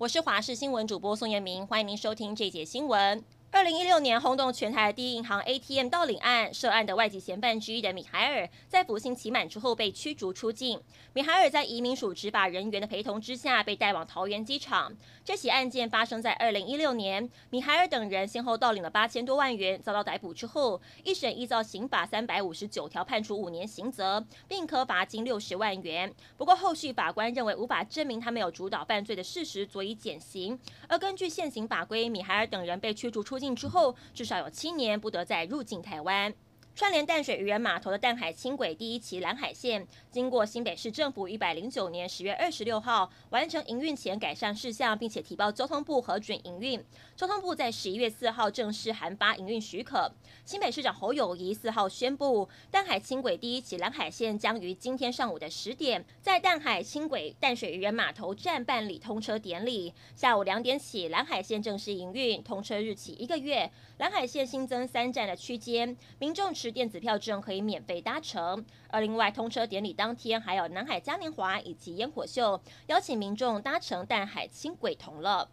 我是華視新聞主播宋彥明，歡迎您收聽這節新聞。二零一六年轟動全台的第一銀行 ATM 盜領案，涉案的外籍嫌犯之一的米海爾，在服刑期滿之後被驅逐出境。米海爾在移民署執法人員的陪同之下，被帶往桃園機場。這起案件發生在二零一六年，米海爾等人先後盜領了八千多萬元，遭到逮捕之後，一審依照刑法三百五十九條判處五年刑責，併科罰金六十萬元。不過後續法官認為無法證明他們有主導犯罪的事實，所以減刑。而根據現行法規，米海爾等人被驅逐出進之後，至少有七年不得再入境台灣。串聯淡水漁人碼頭的淡海輕軌第一期藍海線，經過新北市政府一百零九年十月二十六號完成營運前改善事項，並且提報交通部核准營運。交通部在十一月四號正式函發營運許可。新北市長侯友宜四號宣布，淡海輕軌第一期藍海線將於今天上午的十點，在淡海輕軌淡水漁人碼頭站辦理通車典禮。下午兩點起，藍海線正式營運。通車日起一個月，藍海線新增三站的區間，民眾。是電子票證可以免費搭乘，而另外通車典禮當天還有南海嘉年華以及煙火秀，邀請民眾搭乘淡海輕軌同樂。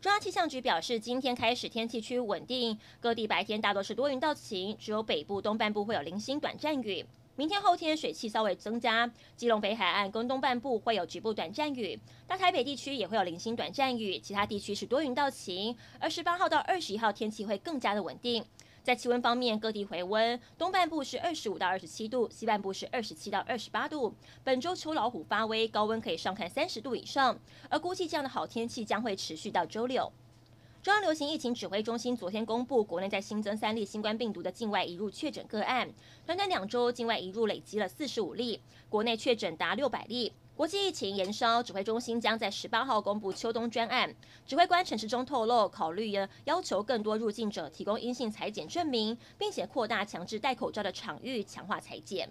中央氣象局表示，今天開始天氣趨於穩定，各地白天大多是多雲到晴，只有北部東半部會有零星短暫雨。明天後天水氣稍微增加，基隆北海岸、跟東半部會有局部短暫雨，大台北地區也會有零星短暫雨，其他地區是多雲到晴。而十八號到二十一號天氣會更加的穩定。在氣溫方面，各地回溫，東半部是二十五到二十七度，西半部是二十七到二十八度。本周秋老虎發威，高溫可以上看三十度以上，而估計這樣的好天氣將會持續到周六。中央流行疫情指揮中心昨天公布，國內在新增三例新冠病毒的境外移入確診個案，短短兩周境外移入累積了四十五例，國內確診達六百例。國際疫情延燒，指揮中心將在十八號公布秋冬專案。指揮官陳時中透露，考慮要求更多入境者提供陰性採檢證明，並且擴大強制戴口罩的場域，強化採檢。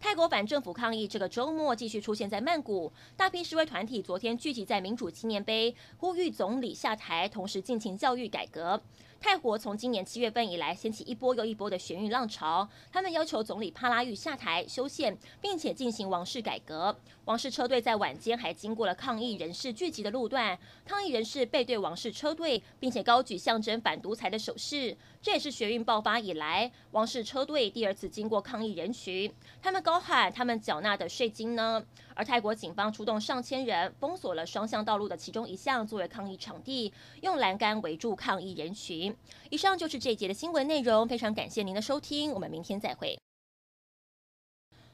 泰國反政府抗議這個周末繼續出現在曼谷，大批示威團體昨天聚集在民主紀念碑，呼籲總理下台，同時進行教育改革。泰國從今年七月份以來掀起一波又一波的學運浪潮，他們要求總理帕拉育下台修憲，並且進行王室改革。王室車隊在晚間還經過了抗議人士聚集的路段，抗議人士背對王室車隊，並且高舉象徵反獨裁的手勢。這也是學運爆發以來王室車隊第二次經過抗議人群。他們高喊他們繳納的稅金呢？而泰國警方出動上千人封鎖了雙向道路的其中一項作為抗議場地，用欄杆圍住抗議人群。以上就是這一節的新聞內容，非常感謝您的收聽，我們明天再會。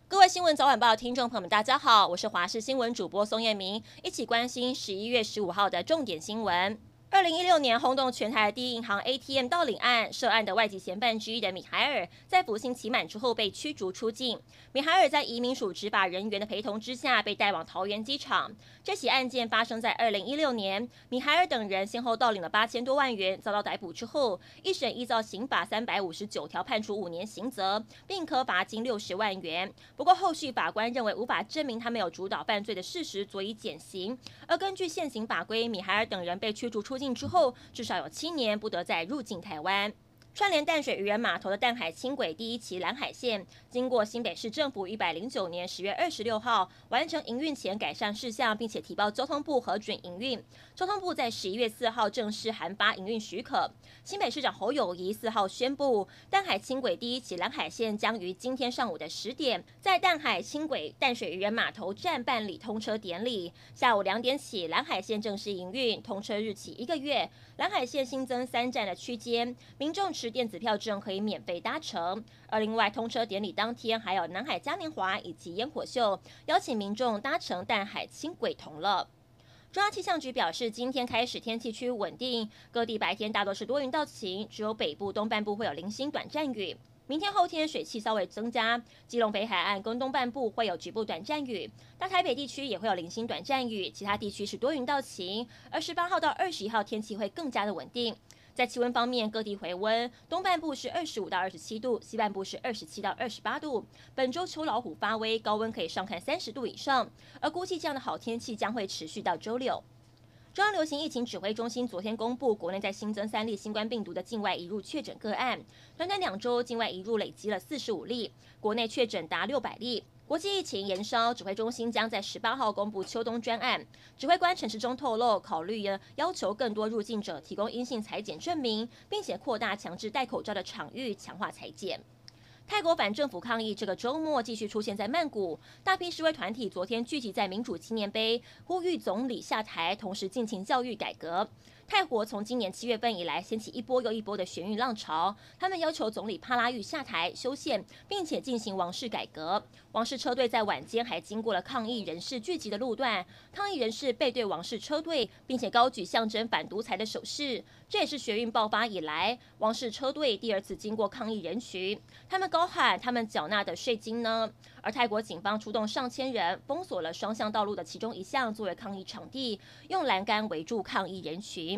各位新聞早晚報聽眾朋友們，大家好，我是華視新聞主播宋燕旻，一起關心十一月十五號的重點新聞。二零一六年轟動全台的第一銀行 ATM 盜領案，涉案的外籍嫌犯之一的米海爾，在服刑期滿之後被驅逐出境。米海爾在移民署執法人員的陪同之下，被帶往桃園機場。這起案件發生在二零一六年，米海爾等人先後盜領了八千多萬元，遭到逮捕之後，一審依照刑法三百五十九條判處五年刑責，併科罰金六十萬元。不過後續法官認為無法證明他沒有主導犯罪的事實，所以減刑。而根據現行法規，米海爾等人被驅逐出進之後，至少有七年不得再入境台灣。串聯淡水漁人碼頭的淡海輕軌第一期藍海線，經過新北市政府一百零九年十月二十六號完成營運前改善事項，並且提報交通部核准營運。交通部在十一月四號正式函發營運許可。新北市長侯友宜四號宣布，淡海輕軌第一期藍海線將於今天上午的十點，在淡海輕軌淡水漁人碼頭站辦理通車典禮。下午兩點起，藍海線正式營運。通車日起一個月，藍海線新增三站的區間，民眾持。電子票證可以免費搭乘，而另外通車典禮當天還有藍海嘉年華以及煙火秀，邀請民眾搭乘淡海輕軌同樂。中央氣象局表示，今天開始天氣趨於穩定，各地白天大多是多雲到晴，只有北部東半部會有零星短暫雨。明天後天水氣稍微增加，基隆北海岸跟東半部會有局部短暫雨，大台北地區也會有零星短暫雨，其他地區是多雲到晴。而十八號到二十一號天氣會更加的穩定。在氣溫方面，各地回溫，東半部是二十五到二十七度，西半部是二十七到二十八度。本週秋老虎發威，高溫可以上看三十度以上，而估計這樣的好天氣將會持續到週六。中央流行疫情指揮中心昨天公布，國內再新增三例新冠病毒的境外移入確診個案。短短兩週，境外移入累積了四十五例，國內確診達六百例。國際疫情延燒，指揮中心將在十八號公布秋冬專案。指揮官陳時中透露，考慮要求更多入境者提供陰性採檢證明，並且擴大強制戴口罩的場域，強化採檢。泰國反政府抗議這個周末繼續出現在曼谷，大批示威團體昨天聚集在民主紀念碑，呼籲總理下台，同時進行教育改革。泰國從今年七月份以來掀起一波又一波的學運浪潮，他們要求總理帕拉育下台修憲，並且進行王室改革。王室車隊在晚間還經過了抗議人士聚集的路段，抗議人士背對王室車隊，並且高舉象徵反獨裁的手勢。這也是學運爆發以來王室車隊第二次經過抗議人群。他們高喊他們繳納的稅金呢？而泰國警方出動上千人封鎖了雙向道路的其中一項作為抗議場地，用欄杆圍住抗議人群。